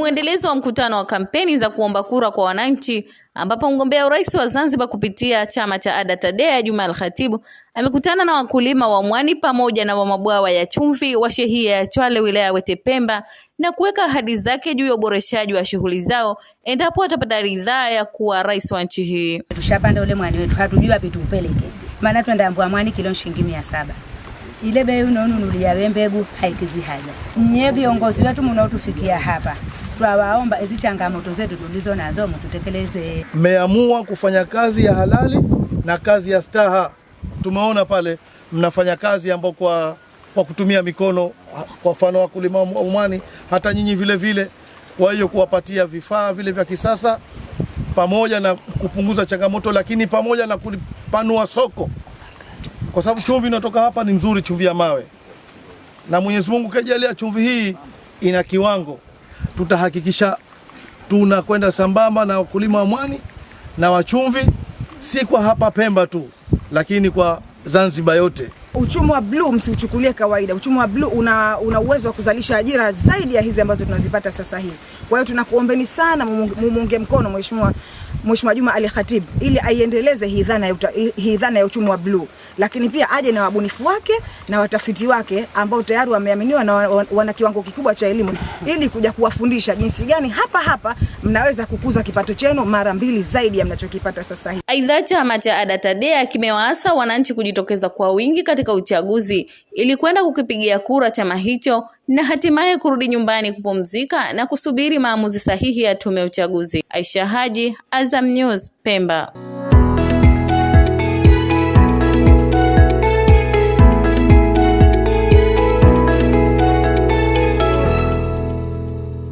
Mwendelezo wa mkutano wa kampeni za kuomba kura kwa wananchi ambapo mgombea urais wa Zanzibar kupitia chama cha ADA TADEA Juma Alkhatibu amekutana na wakulima wa mwani pamoja na wa mabwawa ya chumvi wa shehia ya Chwale wilaya ya Wete Pemba na kuweka ahadi zake juu ya uboreshaji wa shughuli zao endapo atapata ridhaa ya kuwa rais wa nchi hii. Tushapanda ule mwani wetu, hatujui wapi tuupeleke, maana tunaambiwa mwani kilo shilingi mia saba ile bei unaonunulia we mbegu haikizi haja. Nyie viongozi wetu mnaotufikia hapa twawaomba ezi changamoto zetu tulizo nazo mtutekeleze. Mmeamua kufanya kazi ya halali na kazi ya staha. Tumeona pale mnafanya kazi ambao kwa, kwa kutumia mikono, kwa mfano wakulima wa hata nyinyi vile vile. Kwa hiyo kuwapatia vifaa vile vya kisasa pamoja na kupunguza changamoto, lakini pamoja na kupanua soko, kwa sababu chumvi inatoka hapa ni nzuri, chumvi ya mawe, na Mwenyezi Mungu kajalia chumvi hii ina kiwango tutahakikisha tunakwenda sambamba na wakulima wa mwani na wachumvi, si kwa hapa Pemba tu, lakini kwa Zanzibar yote. Uchumi wa bluu msiuchukulie kawaida. Uchumi wa bluu una, una uwezo wa kuzalisha ajira zaidi ya hizi ambazo tunazipata sasa hivi. Kwa hiyo tunakuombeni sana mumunge mkono Mheshimiwa Mheshimiwa Juma Ali Khatib ili aiendeleze hii dhana ya hii dhana ya uchumi wa bluu, lakini pia aje na wabunifu wake na watafiti wake ambao tayari wameaminiwa na wana kiwango kikubwa cha elimu ili kuja kuwafundisha jinsi gani hapa hapa mnaweza kukuza kipato chenu mara mbili zaidi ya mnachokipata sasa hivi. Aidha, chama cha ADA-TADEA kimewaasa wananchi kujitokeza kwa wingi katika uchaguzi ili kwenda kukipigia kura chama hicho na hatimaye kurudi nyumbani kupumzika na kusubiri maamuzi sahihi ya tume ya uchaguzi. Aisha Haji, Azam News Pemba.